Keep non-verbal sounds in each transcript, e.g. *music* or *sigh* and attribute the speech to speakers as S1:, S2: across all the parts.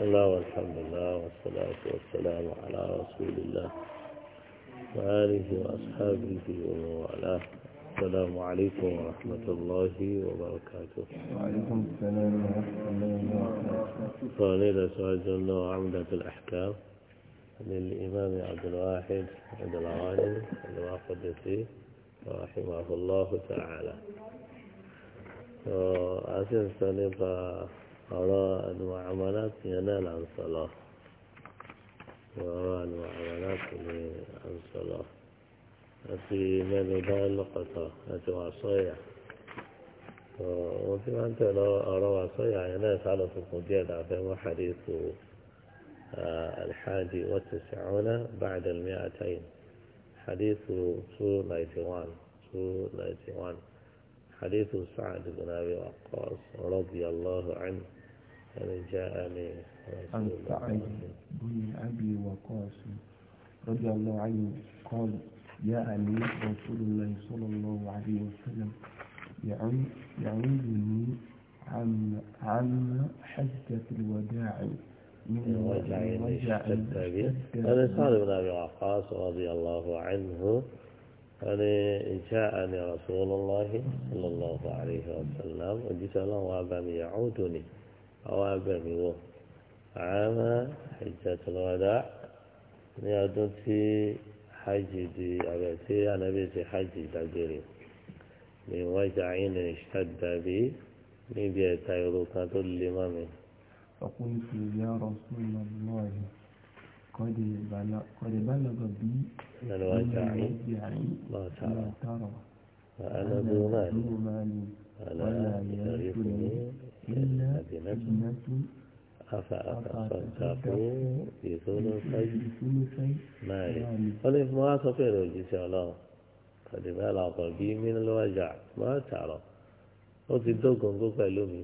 S1: الله والحمد لله والصلاة والسلام على رسول الله وآله وأصحابه ومن والاه السلام عليكم ورحمة الله وبركاته وعليكم السلام ورحمة الله وبركاته فنيلة سؤال الله عمدة الأحكام للإمام عبد الواحد عبد الغانم الوافدسي رحمه الله تعالى أسنسى نبقى أرى المعاملات ينال عن صلاة وأرى المعاملات عن صلاة أتي من اللقطة أتي عصايا وفي أنت أرى عصايا ينال على القدير فهو حديث الحادي والتسعون بعد المئتين حديث 291 291 حديث سعد بن أبي وقاص رضي الله عنه هذا جاء عن سعد بن أبي وقاص رضي الله عنه قال جاءني رسول الله صلى الله عليه وسلم يعودني عن عن حجة الوداع من به هذا سعد بن أبي وقاص رضي الله عنه يعني جاءني رسول الله صلى الله عليه وسلم وجئت له وأبا يعودني أوابع أوابر عام حجة الوداع نيادوتي حجي دي أبيتي أنا بيتي حجي دجيري من وجع اشتد بي من بيت أيضوك تل فقلت يا رسول الله قد بلغ بي من الوجع عين ما ترى فأنا دون مالي ولا يرثني للذمة أفأتصدقوا بثلثي مالي قال ما تقول إن شاء الله قد ما تعرف ó ti dógùn kó pẹ̀lú mi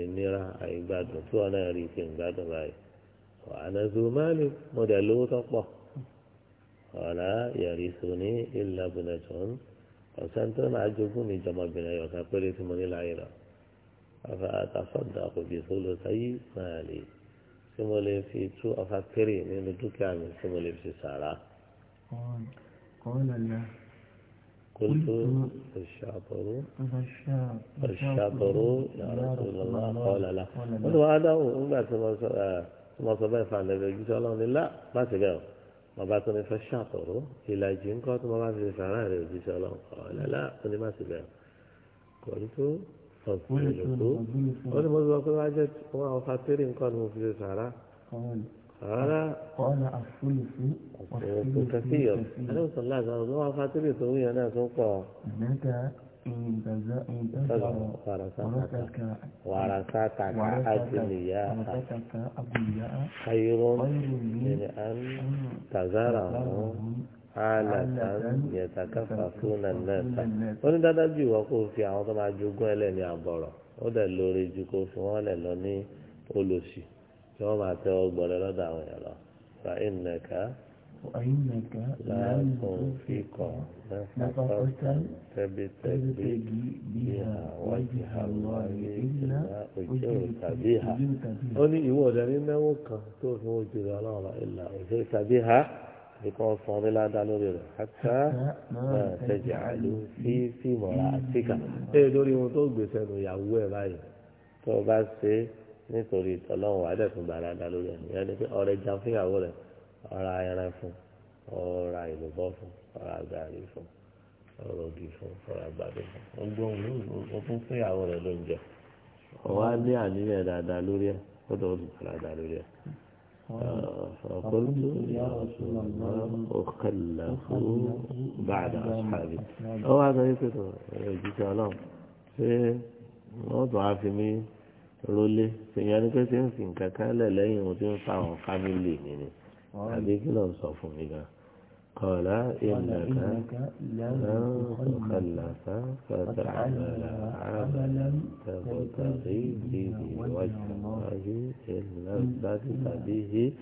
S1: ìnira àìgbádùn tí wọn náà rí ti ń gbádùn báyìí ọ̀hánà tó máa lè mo dẹ̀ lówó tó pọ̀ ọ̀rá yẹ̀rì tó ní ìlà bùnẹ̀tún ọ̀sán tó máa jogún mi jọmọbìnrin ọ̀sán péré tí mo ní láyé lọ. أفأتصدق بثلثي مالي tí mo lè fi tú ọfà péré nínú dúkìá mi tí mo lè fi sàrà. قلت الشاطرو الشاطرو يا رسول الله قال لا قلت هذا وما ما صبي فعل النبي صلى الله عليه وسلم لا ما تبعه ما بعتني فالشاطرو إلى جنكات ما بعتني فعل النبي صلى الله عليه وسلم قال لا أنا ما تبعه قلت tọ̀sí ìlúkú ó ní mo sọ pé wá jẹ́ wọn àwọn fatiri nǹkan ni mo fi ṣe sàrà sàrà òkú kẹfì yọ ẹni sọ láti àwọn ọmọ wọn fatiri tó wúyọ náà tó pọ̀ warasataka aduniya kayirun ni an tazara wọn alatan yẹtakafa fún ẹnẹta ó ní dáadáa ju ìwọ kó fi àwọn tó máa jogún ẹlẹ́ni àbọ̀rọ̀ ó dẹ̀ lórí ju kó fi wọ́n lẹ̀ lọ ní olùsì kí wọ́n máa tẹ ọgbọ̀n rẹ lọ́dọ̀ àwọn èèyàn lọ fa ìnẹ̀ka láàkùn fíkọ̀ mẹ́fàkọ́tà tẹ́bítẹ́bí bí àwọn ìhàlọ́ ayé ìlà òjòrò tàbí ìhà ó ní ìwọ ọ̀dẹ̀ ní náwó kan tó fi wọ́n jùlọ ọlọ́run ìlà òjòrò tàbí ìhà kíkọ́ san ní ládá lórí rẹ̀ hátà náà tẹ̀jà àlù sí fíìmù àtìkà. ẹ lórí ohun tó gbèsè nù ìyàwó ẹ báyìí tó o bá ṣe é nítorí ìtọ́lọ́run wàá dẹ̀kun gbà ládá lórí ẹ̀ ìyẹn ni pé ọrẹ jà fún ìyàwó rẹ̀ ọ̀ra ẹran fún ọ̀ra ìlùbọ́ fún ọ̀ra gàrí fún ọ̀rọ̀ ògì fún ọ̀ra gbàdé fún ọgbọ́n òun fún fún ìyàwó rẹ̀ lóúnjẹ ọ̀wá ní àníyàn dáadáa lórí ẹ̀ ó dọ̀ فقلت يا رسول الله أخلفه بعد أصحابي أو هذا يكتب جيت ألام ṣé wọ́n tún á fi mí rólé ṣèyàn ni pé ṣé ń fi nǹkan kan lẹ̀ lẹ́yìn ohun tí ń fa àwọn fámìlì mi ni àbí kí ló ń sọ fún mi gan-an. قال إنك لن تخلف فتعمل عملا تبتغي به وجه الله إلا ازددت به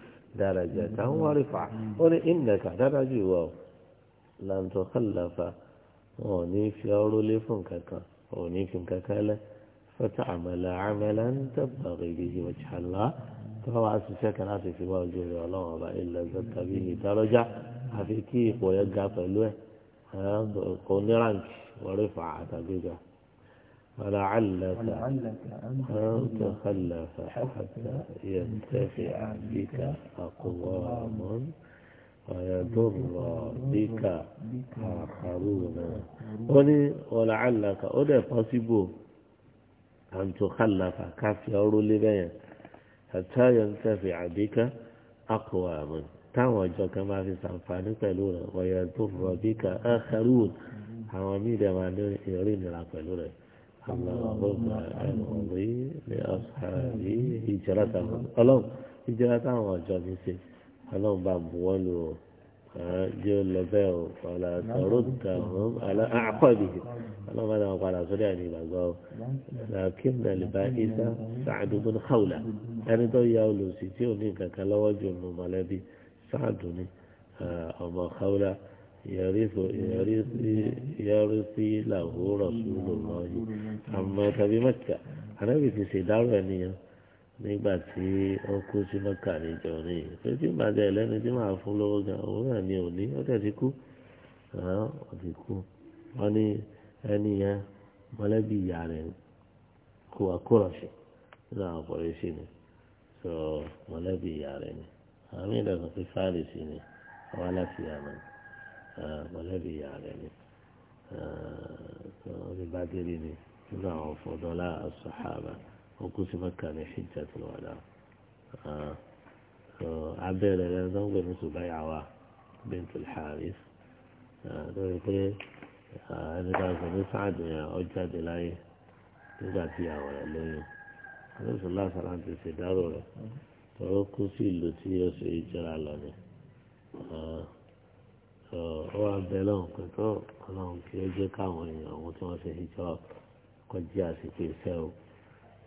S1: درجة ورفعة قل إنك درجة واو لن تخلف ونيف يور لفنكك ونيف وني فتعمل عملا تبتغي به وجه الله فهو على السكن في واو جل الله إلا زدت به درجة àfi kí ipò yẹn ga pẹ̀lú ẹ̀ kò ní ránkì wọlé fà á tàbí ga. ولعلك أن تخلف حتى ينتفع بك أقوام ويضر بك آخرون ولعلك أنا possible أن تخلف كافي أرو لبين حتى ينتفع بك أقوام táwọn ọjọ́ kan máa fi ṣàǹfààní pẹ̀lú rẹ̀ ọ̀yọ̀ tó fọ̀rọ̀ bí ká ẹ kẹrù àwọn míì dẹ̀ máa ní ìrírí ìnira pẹ̀lú rẹ̀ ọlọ́run ìjọba táwọn ọjọ́ mi ṣe ọlọ́run bá bu wọ́n lò ó jẹ́ lọ́bẹ̀ ò ọ̀là sọ̀rọ̀ tà wọ́n àkọ́bì ọlọ́run bá dáwọn padà sórí àní ìgbàgbọ́ ọ làákín náà lè bá isa sàdúgbò ní kàwùlà ẹni tó ya olùsí tí ò ní nǹkan lọ́wọ́ jù nù mọ̀lẹ́bí sáàdù ni ọmọ káwúlá yẹrí sí làwòrán sùúrù lọ́yìn àmọ́ tàbí mẹ́kà anábì ti ṣèdárò ẹnìyàn nígbà tí ó kú sí mẹ́kà níjọ ní pé tí màá jẹ ẹlẹ́ni tí màá fún lówó gan òun náà ni òní ó tẹ̀ ti kú ó ti kú wọ́n ní ẹnìyàn mọ̀lẹ́bí ìyá rẹ̀ kó wa kó rọ̀ ni àmì ìdàgbọ́n pé fáàlìsì ni ọwọ́ láti àná mọ̀lẹ́bí ìyá rẹ̀ ni ọdún bá délé ni nínú àwọn fọdọ́lá asọ̀hábà okùn sí mọ́kà ní ṣíjà tó wà náà abẹ́rẹ́ rẹ̀ ló ń gbé ní ṣùgbáyàwá bint al-haris lórí pé ẹni tá a sọ ní sáàdì yẹn ọ jáde láyé nígbà tí ìyàwó rẹ̀ lóyún alóòsùn lásán láti ṣèdárò ó kú sí ìlú tí yóò ṣe ìjọra lọ ni ó wà bẹ́ẹ̀ lọ́hùn pé tó ọlọ́run kí ó jẹ́ káwọn èèyàn ohun tí wọ́n ṣe ìjọra kọjá àsìkò iṣẹ́ o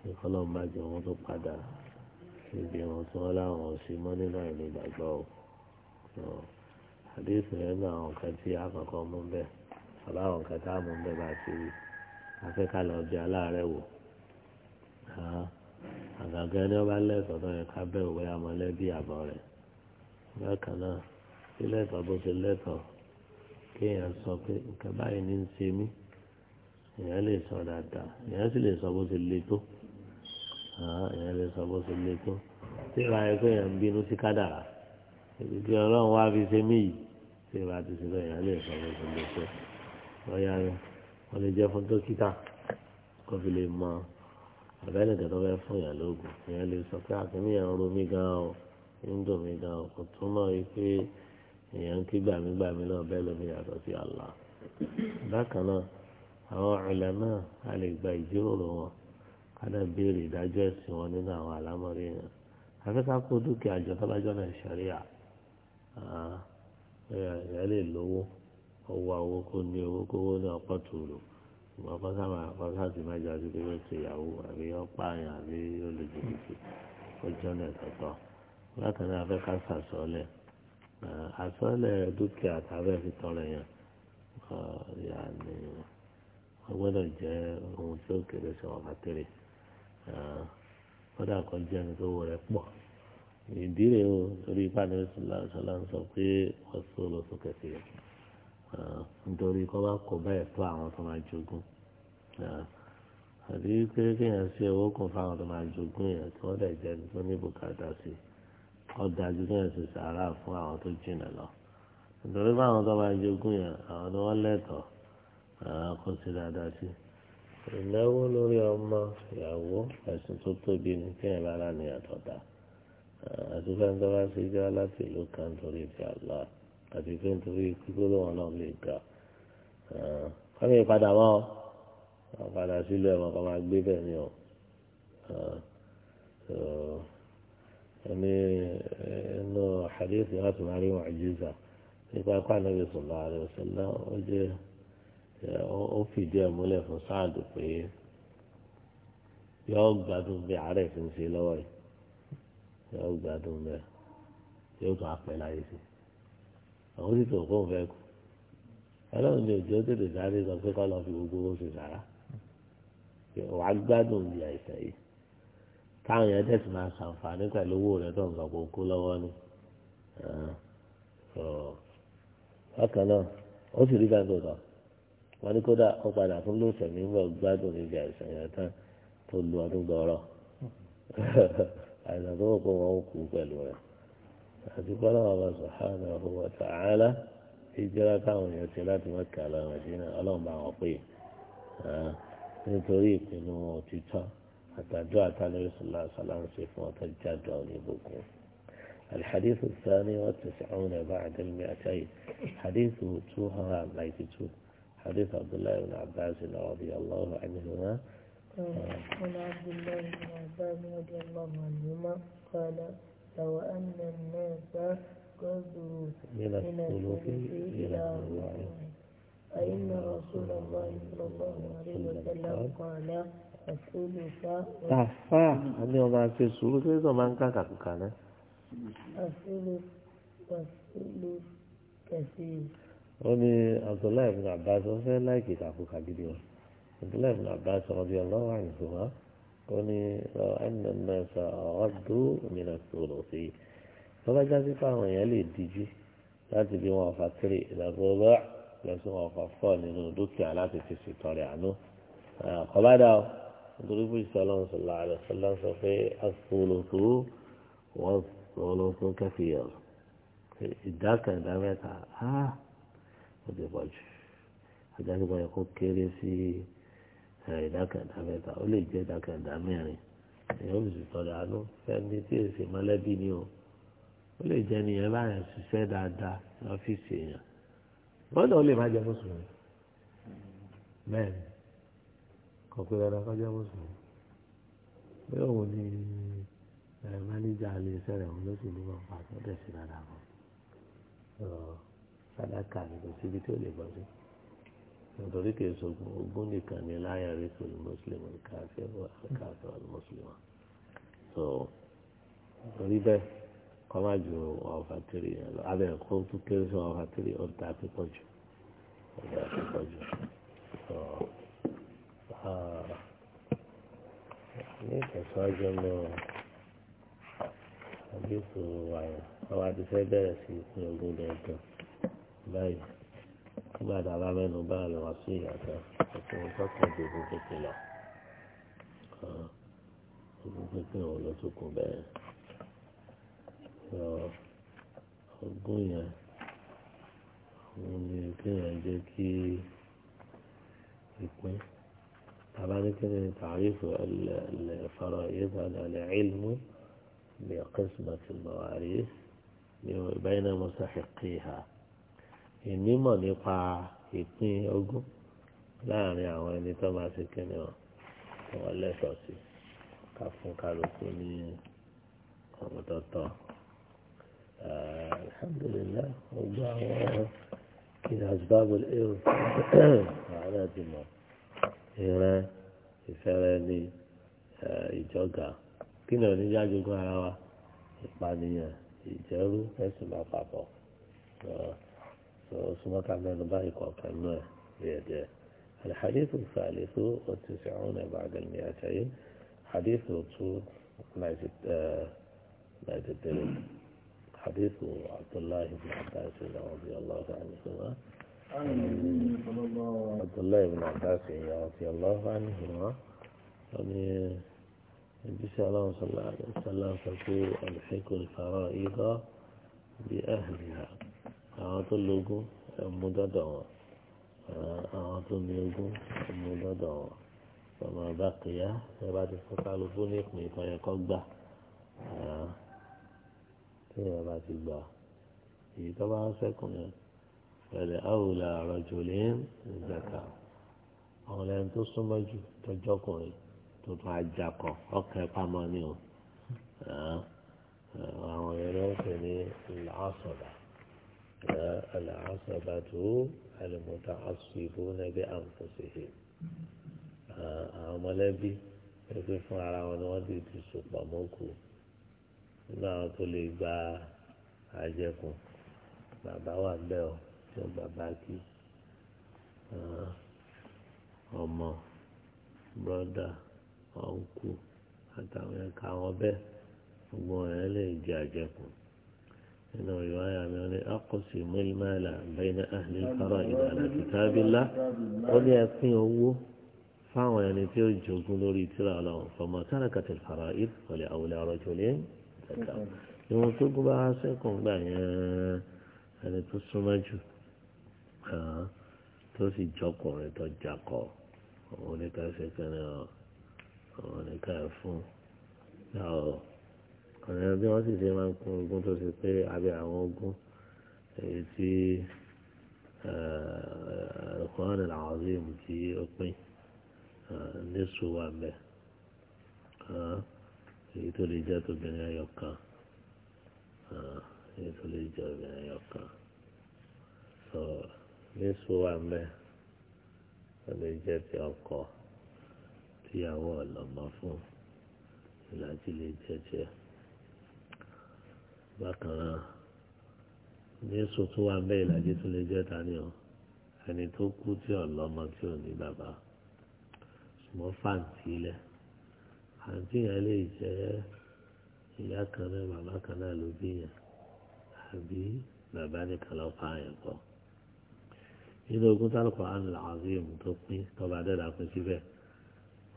S1: ní kọ́lọ́run bá jẹ́ wọn tó padà níbi ohun tí wọ́n láwọn ò sí mọ́ nínú àìní ìgbàgbọ́ o àdéhùn yẹn ní àwọn nǹkan tí àkọ́kọ́ mú bẹ́ẹ̀ àbáwọn nǹkan tá a mú bẹ́ẹ̀ bá ti rí afẹ́ká lọ bí wò àgàgà ni wọ́n bá lẹ́tọ̀ọ́ náà yẹn ká bẹ́ẹ̀ wẹ́ amọ̀lẹ́bí àbọ̀ rẹ̀ bákan náà bí lẹ́tọ̀ọ́ bó ṣe lẹ́tọ̀ọ́ kéèyàn sọ pé nǹkan báyìí ní ń ṣe mí èèyàn lè sọ dáadáa èèyàn sì lè sọ bó ṣe le tó èèyàn lè sọ bó ṣe le tó tí ìlà yẹn ń bínú sí kádàrà ìdí ọlọ́run wá fi ṣe mí yìí tí ìlà ti ṣe bẹ́ẹ̀ èèyàn sọ bó ṣe le tó lọ́yà rẹ̀ wọ́n lè jẹ́ fún dókítà kó fi lè mọ àbẹ́ni kẹtọ́ fẹ́ fún yàn lóògùn ìyẹn lè sọ pé àkínní yẹn ń ro mí gan o ń dùn mí gan o kò túmọ̀ yìí pé èèyàn ń kí gbàmígbàmí náà bẹ́ẹ̀ lómi yàtọ̀ sí Allah bákan náà àwọn ìlànà a lè gba ìjíròrò wọn kádà béèrè ìdájọ́ ẹ̀sìn wọn nínú àwọn àlámọ̀rí yẹn afẹ́ká kó dúkìá jọ tọ́lájọ́ náà ṣàríà ẹ̀yà lè lówó ọwọ́ àwòkó ní owó kówó ní ọpọ́ tòló ṣùgbọ́n kọ́sá máa kọ́sá ti má pé yóò ìyàwó àbí yóò pààyàn àbí yóò lè jìbìtì ó jọ́nà náà fẹ́ ká sàsọ́lẹ̀ àsọ́lẹ̀ dúkìá tàbí fi tọrọ yẹn yàní wọ́n gbọ́dọ̀ jẹ́ ohun tí ó kéré sí wọn kátéré kódà kan jẹ́ ẹni tó wọ rẹ pọ̀ ìdí rèé o torí ipá ní sọlá ń sọ pé wọ́n sọ lọ sókè sí rẹ̀ nítorí kọ́ bá kó bẹ́ẹ̀ tó àwọn tó máa jogún àbí pé kéèyàn ṣe owó kan fáwọn tó máa jogún yẹn tí wọ́n dẹ̀ jẹ́ tó ní bùkátà sí ọ dájú kéèyàn ṣe sàárà fún àwọn tó jìnà lọ nítorí fáwọn tó máa jogún yẹn àwọn tó wọ́n lẹ́tọ̀ọ́ àwọn kò sí dáadáa sí ìnáwó lórí ọmọ ìyàwó ẹ̀sìn tó tóbi ní kéèyàn bá lánàá yàtọ̀ dá àti fẹ́ni tó bá ṣe jẹ́ láti ìlú kan torí ìfẹ́ àlá àti fẹ́ni torí kíkó lóhùn náà lè ga kọ́ni wọn padà sílé ẹ̀ wọn kọ́ máa gbé bẹ́ẹ̀ ni ọ ẹni ẹnu àdéhùn láti máa rí wọn àjíṣà nípa kó ànábì sọ̀rọ̀ àrẹ ọ̀sẹ̀lá ó jẹ́ ó fìdí ẹ̀ múlẹ̀ fún sáàdù pé yọ gbádùn bí àárẹ̀ fi ń ṣe lọ́wọ́ yìí yọ gbádùn bẹ́ẹ̀ yóò tún apẹ̀ láyé sí àwọn sì tó kó fẹ́ kú ẹlọ́run ní òjò tètè sáré sọ pé kọ́ lọ́ọ́ fi gbogbo owó sára wà á gbádùn ní àìsàn yìí táwọn yẹn tẹ̀sí máa ṣàǹfààní pẹ̀lú owó rẹ̀ tó ń sọ pé lọ́wọ́ ni bákan náà ó sì rí gbàgbọ́ kan wọ́n ní kódà ó padà fún lóṣẹ̀ nígbà gbádùn níbi àìsàn yẹn tán tó lu ọdún gbọ́rọ̀ *laughs* àìsàn tó wọ́n kó wọn ó kú pẹ̀lú rẹ̀ àti kọ́lá wọn bá subhanahu wa ta'ala ìjọra táwọn èèyàn ti láti mọ́kàlá wọn sí náà ọlọ́run bá wọn pè é nítorí ìpinnu òtítọ́ àtàjọ àtàlẹ́rì sọlá sọlá ń ṣe fún ọtọ́ jáde ọ̀nà ìbùkún. الحديث الثاني والتسعون بعد المئتين حديث 292 حديث عبد الله بن عباس رضي الله عنهما عن عبد الله بن عباس رضي الله عنهما قال لو أن الناس غزوا من الثلث إلى الربع فإن رسول الله صلى الله عليه وسلم قال الثلث تحفى أني وما في الثلث إذا ما كان كان الثلث والثلث كثير وني عبد الله بن عباس وفي لا يكتعفو كبير عبد الله بن عباس رضي الله عنهما وني لو أن الناس أردوا من الثلث فما جاء في قامة يلي الدجي لا تبي وافا تري إلى الربع lẹ́sìn wọn kọ fọ́ nínú dúkìá láti fi ṣètọrẹ àánú kọ́bádà ó nítorí fún ìṣẹ́ ọlọ́run sọ̀lá rẹ̀ sọ́lá sọ pé asòlòtò wọ́n sọ̀lòtò kẹfìyàn ìdá kan ìdá mẹ́ta ó ti pọ̀ jù àjáde bọ́ yẹ kó kéré sí ìdá kan ìdá mẹ́ta ó lè jẹ́ ìdá kan ìdá mẹ́rin èèyàn ó sì tọrẹ àánú fẹ́ni tí èsì mọ́lẹ́bí ni o ó lè jẹ́ nìyẹn báyẹn wọ́n náà lè má jẹ́ mùsùlùmí bẹ́ẹ̀ kò pé dandan kọ́ jẹ́ mùsùlùmí pé òun ni máníjà ilé iṣẹ́ rẹ̀ òun ló sì ní wọn pa tó dẹ̀ sí dáadáa kan sádàkà ni kò síbi tí ó lè bọ́ sí nítorí kì í sọgbọ́n ogún nìkan ni láyà rí pẹ̀lú mùsùlùmí káfíńwá káfíńwá mùsùlùmí so torí bẹ́ẹ̀ kọ́ má ju one over three yẹn lọ abẹ́ kó tún kéré sí one over three ó ta pípọ̀ jù ó ta pípọ̀ jù ní ìtẹ̀síwájú ọmọ àbíkú wàyà àwọn àdìsẹ́ bẹ̀rẹ̀ sí ìpín ogún dandan báyìí nígbà tá a bá mẹ́nu bá lọ wá sí ìyàtọ̀ ọkùnrin tọkàn ju ogún pínpín lọ ogún pínpín òun ló tún kún bẹ́ẹ̀ sọ ogún yẹn òun ni kéèyàn jẹ́ kí ìpín tàbá ní kí ni tàrífù ẹ̀fọ́rọ̀ yìí padà lè ilmú lè kẹ́sìmọ̀ tí mo wà rí ní ìbáyìí náà mo sàkíkì ha ìnímọ̀ nípa ìpín ogún láàrin àwọn ẹni tó máa ṣe kíni ọ wọn lẹ́sọ̀ọ́ sí ká fún kálukú ní ọmọ tó tọ́. الحمد لله والله من أسباب الإرض *clears throat* على دماء هنا يسأل لي يجوغا كنا نجا جوغا هوا إسبانيا يجوغا نسمع فابو سوما كان لنا بايك وكان الحديث الثالث والتسعون بعد المئتين حديث الرسول ما يزد ما يزد حديث عبد الله بن عباس رضي الله عنهما عبد الله بن عباس رضي الله عنهما يعني النبي صلى الله عليه وسلم تقول ألحق الفرائض بأهلها أعطوا لكم مددوا أعطوا لكم مددوا فما بقي فبعد استطاع لكم فيقضى tí èèyàn bá ti gbà èyí tó bá ń sẹ́kùn yẹn pẹ̀lẹ́ àwòlà àrọ̀jò lè ń zàkà àwọn ẹni tó súnmọ́ jù tọjọ́kùnrin tó tún ajakọ ọkàn pamọ́ ni o àwọn yẹn ló ń pè ní làásọ̀dà làásọ̀dà tó àlùmọ́tà àṣìbò nàbí àǹfọ̀ṣẹ̀ṣẹ̀ àwọn mọ̀lẹ́bí pẹ̀lú fún ara wọn ni wọ́n ti ti sùpàmọ́kù nínú àwọn tó lè gba àjẹkùn bàbá wà bẹ́ẹ̀ o tí ó bàbá kí ọmọ bọ́dà ọ̀nkù àtàwọn ẹ̀ka wọn bẹ́ẹ̀ gbogbo ẹ̀ lè jẹ àjẹkùn nínú ìwáyà mi ó ní akọ̀sí mílíọ̀nù bẹ́ẹ̀ni àhìlì kárọ̀ ìdàlẹ̀ kìtàbílá ó ní ẹ̀pín owó fáwọn ẹni tí ó jogún lórí tíra ọlọ́run fọmọ sára kàtẹ́lẹ̀ fara ìd wọlé àwòlẹ́ ọ̀rọ̀ kankan ìwọ̀n tó gún bá sẹ́kùn gbà yẹn ẹni tó súnmọ́ jù tó sì jọkùnrin tó jakọ àwọn oníkà sẹ́kẹ̀rẹ̀ àwọn oníkà fún yàrá ọ̀nà bí wọ́n sì ṣe máa ń kún ogun tó ṣe pé abẹ́ àwọn ogun èyí tí ẹ̀ẹ́dẹ̀kọ́nà làwọn ọ̀sẹ̀ ìmùtí ó pín ní sùúrù àbẹ̀ èyí tó lè jẹ́ tóbìnrin ẹyọ kan èyí tó lè jẹ́ obìnrin ẹyọ kan sọ níṣó wà mẹ́ ó lè jẹ́ ti ọkọ tíyàwó ọ̀lọ́mọ fún ìlàjì lè jẹ́ tiẹ̀ bákan náà níṣó tó wà mẹ́ ìlàjì tó lè jẹ́ tani o ẹni tó kú tí ọ̀lọ́mọ tí ò ní bàbá ṣùgbọ́n fàǹtì lẹ́ẹ̀ àǹtí yẹn lè jẹ́ ìyá kan náà màmá kan náà ló bí yẹn àbí bàbá nìkan lọ fa àyàn pọ̀ nínú ogun tálùkọ àmì làwọn tó pín tọba dẹ́dà pín síbẹ̀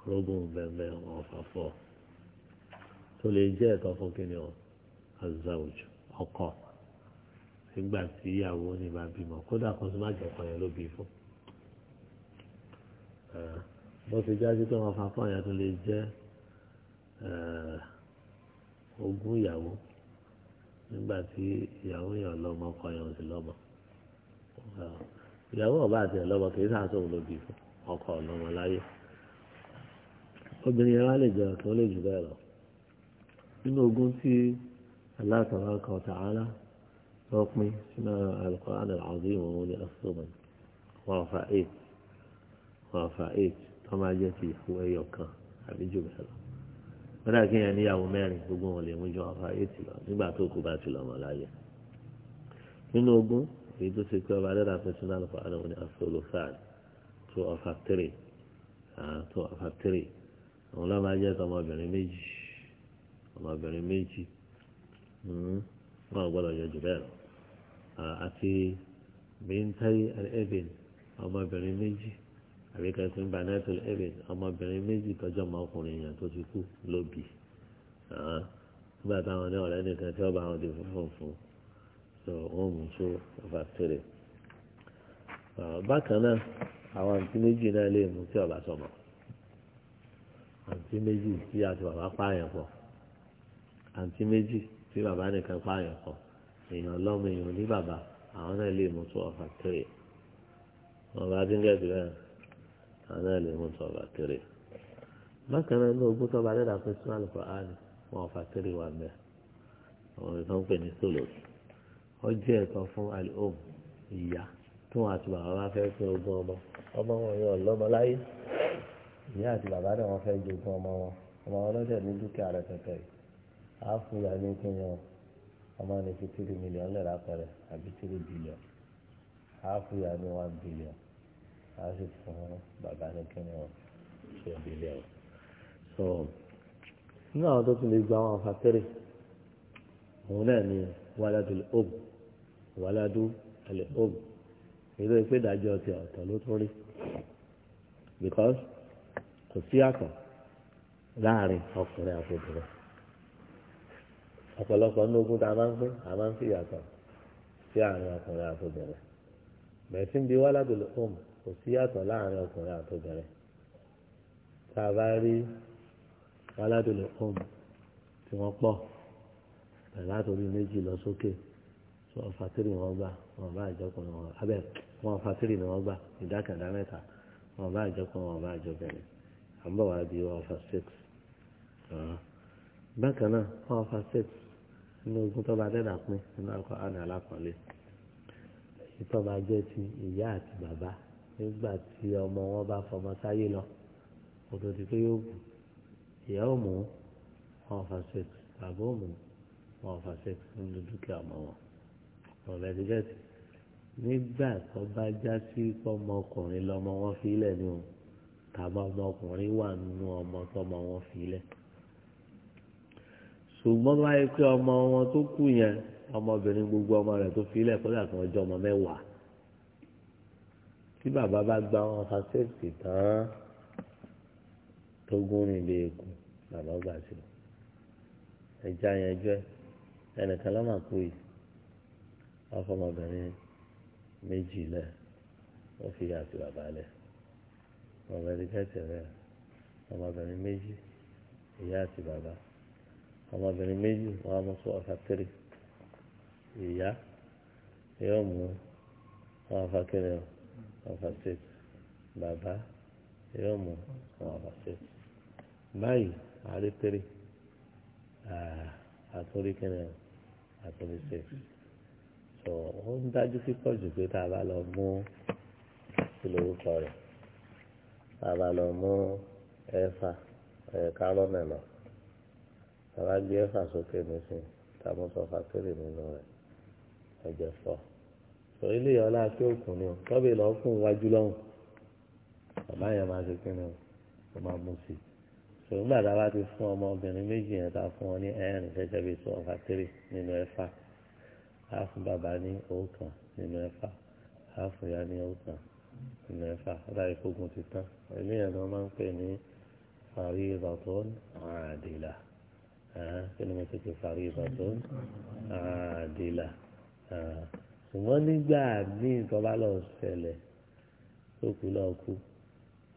S1: rógùn bẹ́ẹ̀ ọ̀fà fọ́ tó lè jẹ́ ẹ̀tọ́ fún kíni ọ azawùjù ọkọ nígbà tí ìyàwó ni bá bímọ kódà kan tó má jẹ ọkọ yẹn ló bí fún bó ti jáde pé wọn fa fọ́ yẹn lè jẹ́ Eh, ogún ìyàwó nígbà tí ìyàwó yàn lọ́mọ ọkọ yàn sì lọ́mọ ìyàwó ọba àti ẹlọ́mọ kì í sàásùn ló bì fún ọkọ ọlọ́mọ láyé obìnrin yẹn wá lè jẹun tó lè jù bẹ́ẹ̀ lọ nínú ogún tí Allah tabaraka wa ta'ala tó pín sínú al-Qur'an al-Azim ìwọ̀n ní asọ́mọ̀n wọ́n fa eight wọ́n fa eight tó máa jẹ́ ti ìyàwó ẹyọ kan àbí jù bẹ́ẹ̀ lọ kódà kí yẹn níyàwó mẹ́rin gbogbo wọn lè mú jọ ọba eighty lọ nígbà tó kú bá ti lọ́mọ láyé nínú ogún èyí tó ṣe pé ọba dẹ́dà personal for adam ní asolofad two of a three two of a three àwọn lọ́mọ ajẹ́ tọmọbìnrin méjì hmm. ọmọbìnrin méjì wọn gbọ́dọ̀ yọjú bẹ́ẹ̀ lọ àti bíntayé ẹ̀ẹ́bìn ọmọbìnrin méjì àbí kẹfì ń banẹ́tò ẹ̀rẹ̀ ọmọbìnrin méjì tọ́jú ọmọkùnrin yẹn tó ti kú ló bí nígbà táwọn ní ọ̀rẹ́ nìkan tí ọba àwọn ti fúnfún fún so wọ́n mú tó ọba tẹ̀lé bákan náà àwọn àǹtí méjì náà lè mú tí ọba sọmọ àǹtí méjì tí àti bàbá pààyàn pọ̀ àǹtí méjì tí bàbá nìkan pààyàn pọ̀ èèyàn lọ́mọ èèyàn ní bàbá àwọn náà lè mú tó ọba tẹ̀lé ọba dín àwọn ẹlẹ́ mú tó ọba tẹ́rẹ̀ bákan náà ní ogún tó ọba dẹ́dà fún sínú àlùkò àlè wọn ọ̀fà tẹ́rẹ̀ wà mẹ́ àwọn ìtàn pè ní fún àlè òm ìyá tó wọn àti bàbá wọn fẹ́ pín ogún ọmọ ọmọ wọn yọ ọlọ́mọ láyé ìyá àti bàbá náà wọn fẹ́ jogún ọmọ wọn ọmọ wọn lọ́dẹ̀ ní a sì fún bàbá ní kí ni wọn ṣe ìbílẹ̀ o so nínú àwọn tó tún lè gba àwọn afáfẹ́rẹ́ òun náà ni wàládù ob wàládù ẹlẹ ob èyí tó yẹ ti ọ̀tọ̀ ló tún rí because kò sí àtọ̀ láàrin ọkùnrin àti obìnrin ọ̀pọ̀lọpọ̀ ní ogun tá a máa ń pín a máa ń fi ìyàtọ̀ sí àárín ọkùnrin àti obìnrin bẹ̀rẹ̀ sí ń bi wàládù ọmọ kò sí yàtọ̀ láàrin ọkùnrin àtọbìnrin tá a bá rí aládùúgbò ọmọ tí wọ́n pọ̀ bẹ̀rẹ̀ látòrí méjì lọ sókè tí wọ́n fatiri wọn gbà wọn bá àjọkùnrin wọn abẹ wọn fatiri ni wọn gbà ìdákàndá mẹ́ta wọn bá àjọkùnrin wọn bá àjọbìnrin àbọ̀ wá di wọn fa six bákan náà wọn fa six nínú ogun tó bá dẹ́nà pín nínú àkọ́ àná alákọ̀ọ́lẹ̀ èyí jẹ́ ti ìyá àti bàbá nígbà tí ọmọ wọn bá fọmọ sáyé lọ kótó ti pé yóò kù ìyá ò mú wọn fà sèk bàbá ò mú wọn fà sèk nínú dúkìá ọmọ wọn ọ̀rẹ́ ti gẹ̀ẹ́sì nígbà tó bá já sí ọmọkùnrin lọmọ wọn fi ilẹ̀ ni o tàbá ọmọkùnrin wà nínú ọmọ tọmọ wọn fi ṣùgbọ́n báyìí pé ọmọ wọn tó kù yẹn ọmọbìnrin gbogbo ọmọ rẹ̀ tó fi ilẹ̀ kọ́dà kan ọjọ́ ọmọ mẹ́wàá tí bàbá bá gba wọn fásitì tán tó gún ní ilé ikùn bàbá gbà sí i ẹja yẹn jẹ ẹnìkan lọ́mà kú yìí wọ́n fọmọbìnrin méjì lẹ̀ wọ́n fi àti bàbá lẹ̀ ọmọbìnrin kẹtẹ rẹ̀ ọmọbìnrin méjì ìyá àti bàbá ọmọbìnrin méjì wọ́n á mú sí ọ̀fà tírì ìyá yóò mú ọ̀fà kẹrẹ o ọ̀fàṣẹ́t bàbá yóò mú wọn ọ̀fàṣẹ́t báyìí àrítírì àtúrí kẹ́nẹ̀ àtúrí six so ó ń dájú pípọ̀ jù pé tá a bá lọ mú kí lorúkọ rẹ̀ tá a bá lọ mú ẹ̀fà ẹ̀ka lọ́nà lọ tá a bá gbé ẹ̀fà sókè nísìnyí tá a mú sọ fàtírì nínú rẹ̀ ẹ̀jẹ̀ fọ́ sọ ilé ọlá tí òkun ni ọ tọ́bí lọ fún iwájú lọ́hùn bàbá yẹn máa ṣe kí ni ó máa mú sí i sọ nígbà tá a bá ti fún ọmọbìnrin méjì yẹn tá a fún ọ ní ẹ̀rin gẹ́gẹ́ bíi sọ ọ̀fà tẹ́lẹ̀ nínú ẹ̀fà á fún bàbá ní ọ̀kan nínú ẹ̀fà á fún ìyá ní ọ̀kan nínú ẹ̀fà láì kógun ti tán ilé yẹn ni wọ́n máa ń pè ní fàrí ìbàtún àdìlà kí ni mo ti pè fàrí ìbàtún àdìlà ṣùgbọ́n nígbà míì tó bá lọ ṣẹlẹ̀ tó kú lọ kú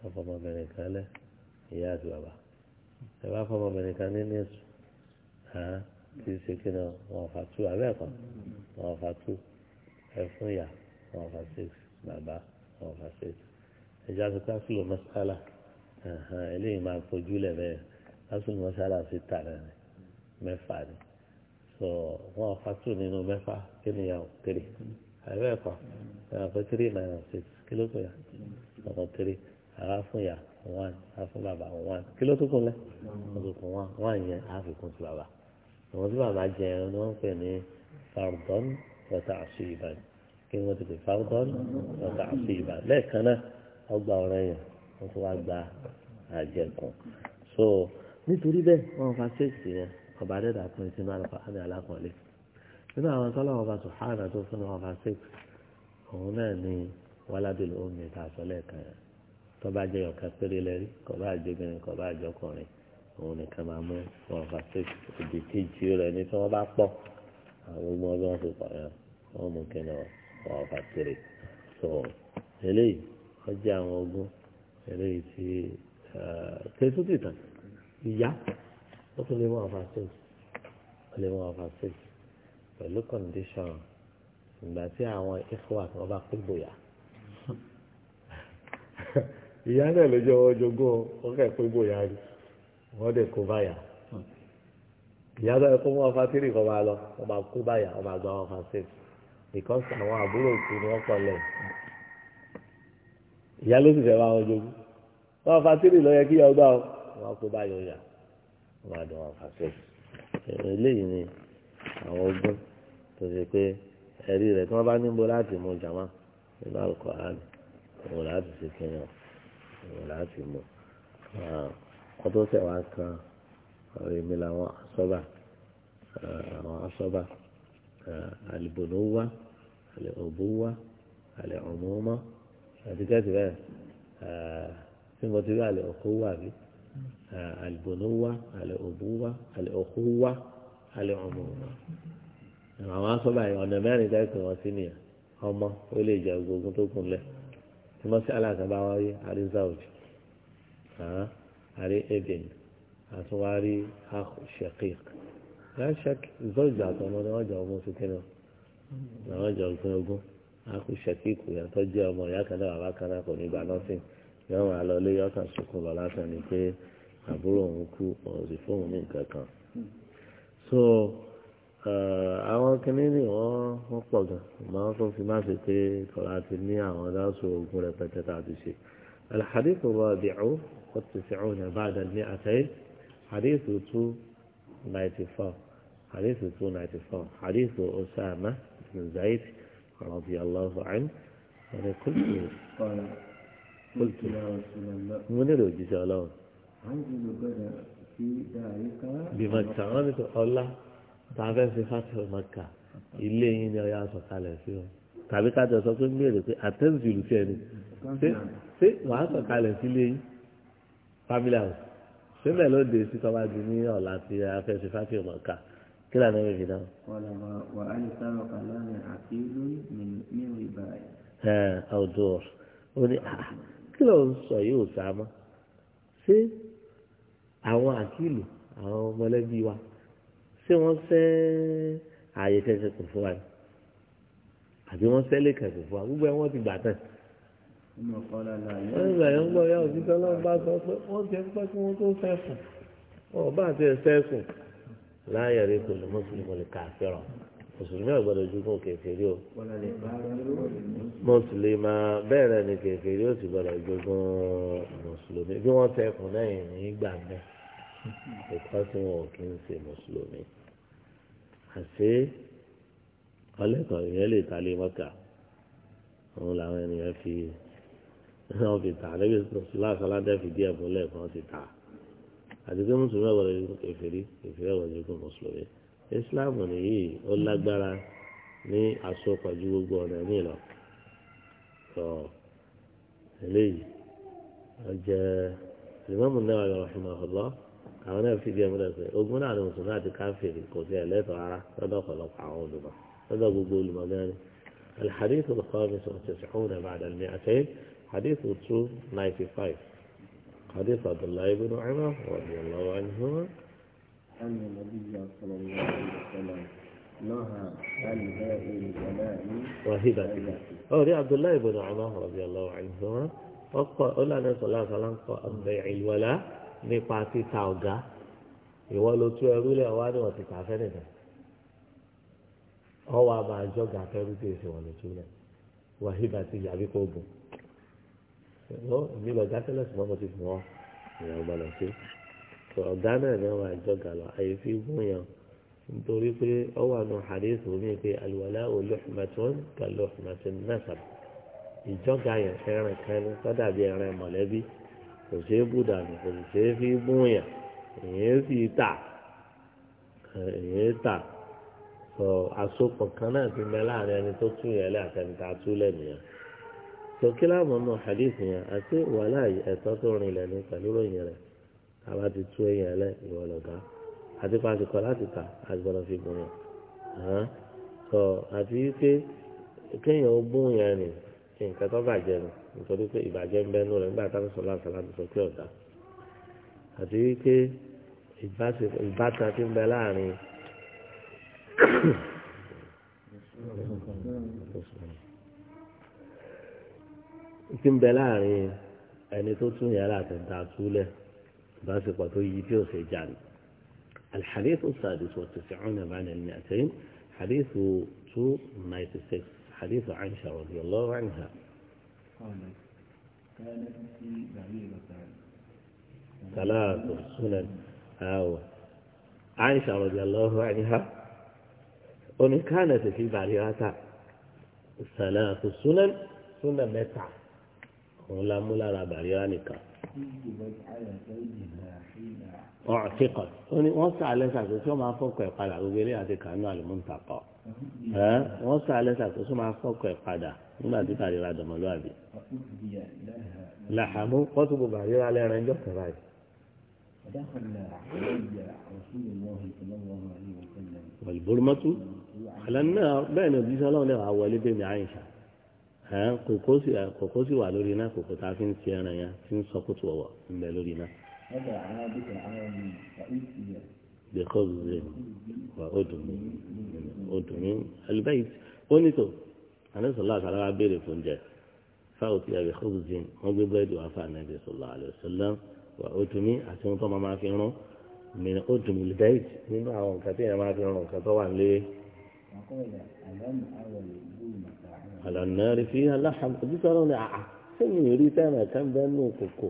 S1: ọfọmọbìnrin kan lẹ ìyá àti bàbá ẹ bá fọmọbìnrin kan ní nẹ́ẹ̀sù kì í ṣe kí ni wọn fà tú abẹ́ kan wọn fà tú ẹ fún ìyá wọn fà six bàbá wọn fà six ẹja tó ká sílò mọ́sálà eléyìí máa fojú lẹ̀ bẹ́ẹ̀ ká sílò sí tà náà mẹ́fà ni sọ wọn fatu nínú mẹ́fà kí ni yàwó tiri àìbẹ́ẹ̀ kọ́ yàrá fún tiri náírà six kí ló kún yà ọ̀nà tiri àrà fún yà one àrà bàbá one kí ló tó kún lẹ́ wọ́n tó kún one one yẹn àá sí bàbá àwọn tí bàbá jẹ ẹran ni wọ́n pè ní fardon wọ́tà àṣù ìbàn kí wọ́n ti pè fardon wọ́tà àṣù ìbàn lẹ́ẹ̀kan náà ọgbà ọ̀rẹ́ yẹn wọ́n tún wá gba àjẹkùn so nítorí bẹ́ẹ̀ wọ́n fa sèkì yẹn ọba dẹ́dà tó ń sinmi àlùfà ní alákọ̀ọ́lẹ̀ nínú àwọn tọ́lọ́wọ́ bá tó hánà tó fún wọn fà sí òun náà ni wàlábìlì omi ìta àsọlẹ̀ kan yẹn tó bá jẹ́ ọ̀kan péré lẹ́rí kò bá jẹ́bìnrin kò bá jọkùnrin òun nìkan máa mú wọn fà sí òdì kejì rẹ̀ ní tí wọ́n bá pọ̀ àwọn ọmọ ọdún ọ̀sẹ̀ pọ̀ yẹn wọ́n mú kí wọn fà sí so eléyìí ọjà àwọn ogun eléyìí eh, ti kẹsùn tìtàn ìyá ó tún lè wọ́n àfà six ó lè wọ́n àfà six pẹ̀lú condition ìgbà tí àwọn ifowà tí wọ́n bá pé bóyá ìyá náà ló jẹ́ wọ́n jogún wọ́n kẹ́ pé bóyá rí wọ́n dẹ̀ kó báyà ìyá náà kó wọ́n àfà three kọ́ máa lọ wọ́n máa kó báyà wọ́n máa gba wọ́n àfà because àwọn àbúrò òkú ni wọ́n pọ̀ lẹ̀ ìyá ló sì fẹ́ máa wọn jogún wọ́n àfà three ló yẹ kí yọ gbà kó báyà ó wà dùn àfàṣẹ eléyìí ni àwọn ogún tó ṣe pé ẹ̀rí rẹ̀ tí wọ́n bá níbo láti mú jàmá nínú àlùkùránì òun láti ṣe kéèyàn òun láti mú wọ́n tó tẹ̀ wá kan ọ̀rọ̀ èmi làwọn asọ́bà àwọn asọ́bà àlìbòlówá àlìòbówá àlìọ̀mọ́mọ́ àti kẹ́tì bẹ́ẹ̀ tí mo ti rí àlìòkówà bíi àlùbọ̀nọ́wà àlùbọ̀wà àlùkúwà àlùmọ̀wà. àwọn asọ́ba yìí ọ̀nà mẹ́rin dẹ́kun wọn sí nìyẹn ọmọ ó lè jẹ ogun tó kun lẹ tí wọ́n sì aláàkàbá wa rí àríṣàwòjì àrí ebèn àtúwárí àṣekèk láṣek zọ́ọ̀jà àtọmọ ni wọ́n jẹ ogun sí kínní àwọn jẹ ogun ogun àkùṣekèk ìyàtọ̀ jẹ́ ọmọ ìyá kan náà bàbá kan náà kò ní gbà nọ́sìn yọ wà lọ lé yọkàn sunkún lọ lásán ni pé àbúrò òun kú òun sì fóun ní nǹkan kan so àwọn kìnínní ni wọ́n wọ́n pọ̀ gan màá tó fi má ṣe pé tọ́lá ti ní àwọn dáṣọ ogun rẹpẹtẹ tá a ti ṣe alhadith rabi'u والتسعون بعد المئتين حديث 294 حديث 294 حديث أسامة بن زيد رضي الله عنه قال قلت يا رسول الله من الوجه سألون عندي غدا في دارك بمكة أنا الله تعالى في فتح مكة ilé yín ni ọ̀yà sọ̀kalẹ̀ sí o tàbí ká jọ sọ pé ń béèrè pé àtẹ́ǹsìlù sí ẹni ṣé wàá sọ̀kalẹ̀ sí ilé yín family house ṣé bẹ́ẹ̀ ló dé sí tọ́ba di ní ọ̀la tí afẹ́sí fáfíì mọ̀ọ́ká kí là ní ìrìn náà. wà á lè sáré ọkà lánàá àti mi ò rí ẹ ọdọ ó ní ah, kí ló ń sọ yóò sá mọ́ ṣé àwọn àkìlù àwọn mọ̀lẹ́bí wa ṣé wọ́n fẹ́ ààyè kẹsẹ̀ kò fún wa ni àbí wọ́n sẹ́lẹ̀ kẹsẹ̀ fún wa gbogbo ẹ̀ wọ́n ti gbà tán. wọ́n ń gbàyàn gbọ́ ya òṣìṣẹ́ ọlọ́run bá sọ pé wọ́n ti ń pẹ́ kí wọ́n tó fẹ́ sùn wọn ò bá àti ẹ̀ fẹ́ sùn láyọ̀ rẹ̀ kò lè mọ́ mùsùlùmí àgbàdo jogún kèfèrí o mùsùlùmí bẹ́ẹ̀ ni kèfèrí ó sì gbọ́dọ̀ jogún mùsùlùmí bí wọ́n tẹkùn lẹ́yìn nígbà náà ìkọ́ tí wọn ò kí ń ṣe mùsùlùmí àṣé ọlẹ́kọ̀ọ́ ìyẹn lè ta lé mọ́kà òun làwọn ènìyàn fi wọn fi tà lẹ́yìn lásán ládẹ́ fi díẹ̀ múlẹ̀ kan ti tà àti pé mùsùlùmí àgbàdo jogún kèfèrí kèfèrí àgbàdo jogún mùsùlùmí islam nìyí ó hmm. lágbára ní àsopọ̀ ju gbogbo ọ̀nà míì lọ tó eléyìí ọjọ́ ìmọ̀mù náà yọ ọ̀hìnàhùlọ́ àwọn náà fìdí ẹ̀mú lẹ́sẹ̀ ogun náà ni mùsùlùmí àti káfíìrì kò sí ẹ̀lẹ́tọ̀ ara lọ́dọ̀ ọ̀pọ̀lọpọ̀ àwọn olùmọ̀ lọ́dọ̀ gbogbo olùmọ̀ náà ni الحديث الخامس والتسعون بعد المئتين حديث 295 حديث عبد الله بن عمر رضي الله عنهما أن النبي صلى الله عليه وسلم نهى عن باء الغنائم وهبته أولي عبد الله بن عمر رضي الله عنهما ọkọ ọlànà sọlá sọlá ń kọ ọbẹ ìwọlá nípa títa ọgá ìwọ ló tú ẹrú lẹ wá ní ọtí tàfẹ nìkan ọwọ àmà àjọ gàtẹrù tí èsì wọn ló tú lẹ wàhíbà ti yàbí kó bùn èmi lọ já tẹlẹ mo ti fún ọ ìyàwó balẹ sí sọ ọ̀gá náà ni wọ́n àjọgà lọ àyè fi gún yàn nítorí pé ọ wà nù hadith mi pé àlùwàlá olóhùnmẹ́tún kàlóhùnmẹ́tún nasab ìjọga yẹn ẹran kan ní sọ́dà bíi ẹran mọ̀lẹ́bí kò ṣeé bù dànù kò ṣeé fi gún yàn èyí sì tà èyí tà sọ àsopọ̀ kan náà ti mẹ́ láàrin ẹni tó tún yẹn lé àtẹnitá túlẹ̀ nìyẹn sọ kí láwọn yẹn àti wàhálà ẹ̀tọ́ tó rinlẹ̀ ní pẹ̀lú ròyìn rẹ̀ àbá ti tú èèyàn lẹ ìwọ lọgá àti pàṣípọ láti tà àti gbọ́dọ̀ fi bùn yàn hàn sọ àti wípé kéèyàn ó bùn yàn rìn nǹkan tó bàjẹ́ nù nítorí pé ìbàjẹ́ ń bẹ́ nù rẹ̀ nígbà táwọn sọ láti sàlámù sọ pé ọ̀dà àti wípé ìbátan ti ń bẹ láàrin *coughs* ti ń bẹ láàrin ẹni tó tún yàrá àtẹ̀ntà túlẹ̀ ìbáṣepọ̀ tó yí الحديث السادس والتسعون بعد المئتين حديث 296 حديث عائشة رضي الله عنها كانت في بعيرة ثلاث سنن أو عائشة رضي الله عنها ومن كانت في بعيرة ثلاث سنن سنن متع ولا ملا بعيرانك ọ̀tíkọ̀ ó ní wọ́n sá alẹ́ sàkóso tí wọ́n máa fọ́kọ̀ ẹ̀ padà gbogbo eléyà ti kàánú àlùmọ́ntàkọ́ wọ́n sá alẹ́ sàkóso máa fọ́kọ̀ ẹ̀ padà nígbà tí kàrí ra dọ̀mọ́lúwàbí. làhàmú wọ́n tún gbogbo àríwá lẹ́rìn ẹjọ́ kan báyìí. wàlúbọ̀rùmọ́tú àlẹ́ náà bẹ́ẹ̀ ni òjíṣẹ́ ọlọ́run náà wà wọlé bẹ́ẹ̀ ni àyìnṣà kòkó sì wà lórí iná kòkó tá a fi ń ti ẹran yẹn tí ń sọ kótó ọ̀wọ̀ ń bẹ lórí iná. bẹ́ẹ̀kọ́ zè wà ódùnmí ódùnmí alibẹ́yì ó ní tò anẹ́sọ̀lá àkàrà wa béèrè fún jẹ fáwọn ti àbẹ̀kọ́ zè wọ́n gbé búrẹ́dì wá fún anẹ́sọ̀lá àlẹ́sọ̀lá wà ódùnmí àti wọn tó máa máa fi rán mìíràn ódùnmí alibẹ́yì nínú àwọn nǹkan tí yẹn máa fi rán nǹkan tó wà àlànà ah, ah, rí fi aláhàm ojúṣe ọlọ́run ní àá sẹ́mi rí tẹ́rẹ̀ kan bẹ́ẹ̀ nù kòkò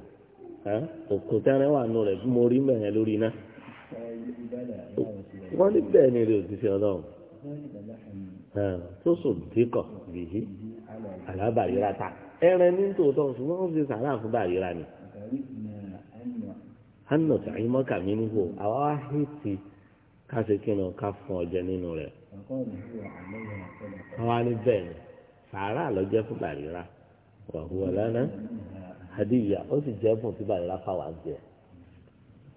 S1: kòkò tẹ́rẹ̀ wà nù rẹ̀ bí mo rí mẹ́rin lórí iná. wọ́n ní bẹ́ẹ̀ ni rí òjíṣẹ́ ọlọ́run tó sùn díkọ̀ bìyí àlábàríra ta ẹran ní tòótọ́ ṣùgbọ́n wọ́n fi sàrà fún bàríra ni. hànà tàyí mọ́kà mi ní kò àwa hì ti ká ṣe kí ni ká fún ọjọ́ nínú rẹ̀. àwa ní bẹ́ẹ̀ ni sàárà lọ́jẹ́ fún bàrírà ọ̀hún ọ̀lànà àdìyà ó sì jẹ́ fún tí bàrírà fáwà jẹ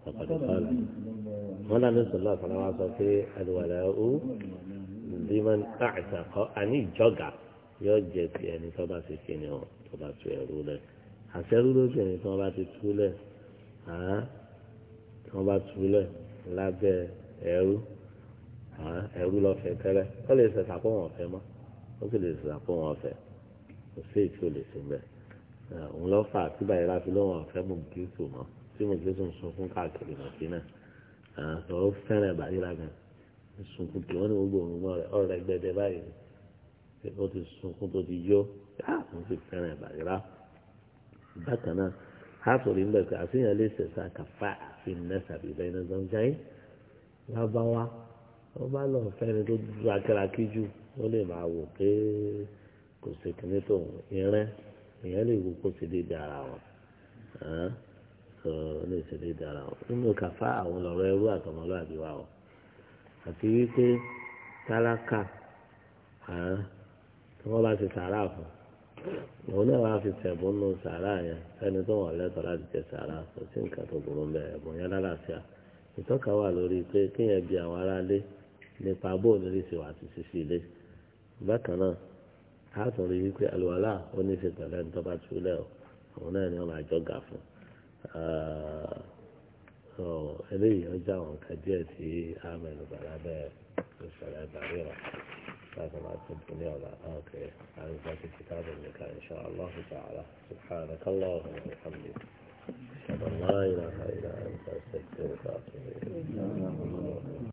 S1: ọ̀pọ̀lọpọ̀lọ. wọn náà ní sọlá fúnra wa sọ pé àdìwàlẹ̀ ó bí wọn àìsà kọ àní ìjọga yóò jẹ ti ẹni tó bá ti fi ni ọ tó bá tu ẹrú lẹ àṣẹrú lóbìnrin tí wọn bá ti tú lẹ tí wọn bá tú lẹ lábẹ́ ẹrú ẹrú lọ fẹ́ tẹ́lẹ̀ ó lè kó wọn fẹ́ mọ́ ó sì lè sà fún wọn ọ̀fẹ́ kò sí èyí tí ò lè sìn bẹ́ẹ̀ òun lọ fà tí báyìí láti lóun ọ̀fẹ́ mú gírísù mọ́ tí mo gírísù ń sunkún káàkiri màkínà àwọn ọ̀rọ̀ fẹ́rẹ̀ báyìí lága ń sunkún kí wọ́n ní gbogbo òun mọ́ rẹ̀ ọ̀rẹ́ gbẹdẹ báyìí ó ti sunkún tó ti yó òun sì fẹ́rẹ̀ báyìí rá bákan náà hásòrí ńlẹ̀ pé àfihàn lè ṣẹ̀ṣà kàfá àfihàn nẹ́sàbí lẹ́yìn náà zọ́njáyé lábáwá wọ́n bá lọ fẹ́ni tó rákìrákì jù wọ́n lè máa wò pé kò sí kíní tó irin èèyàn lè wò kó sì lè dára wọn sọ̀rọ̀ lè sì lè dára wọn nínú kàfá àwọn lọ́rọ̀ ẹrú àtọmọlúwàbí wa o àti wípé tálákà tí wọ́n bá ti sàárà fún òun náà wàá fi tẹ̀bùn nù sàárà yẹn fẹ́ni tó wọ̀n lẹ́tọ̀ọ́ láti tẹ sàárà kò sí nǹkan tó burú mẹ́ ẹ̀bùn yẹn lálàáfíà ìtọ́ka wà lórí pé kéèyàn bí àwọn aráalé nípa bóòlù ní ìsìnwá àti sísí ilé bákan náà a tún rí wípé àlùwàlá ó ní í ṣe pẹ̀lú ẹni tó bá tú lẹ̀ o òun náà ni wọ́n máa jọ gà fún eléyìí ọjà àwọn nǹkan díẹ̀ tí a mẹ́nu bàrà bẹ́ẹ̀ ló ṣẹlẹ̀ bàrí rà láti máa tún tún ní ọ̀la ọ̀kẹ́ àrùbá ti ti káàbọ̀ nìkan insha Allah ta'ala subhanaka wa bihamdika ashhadu an la ilaha illa anta astaghfiruka wa atubu ilayk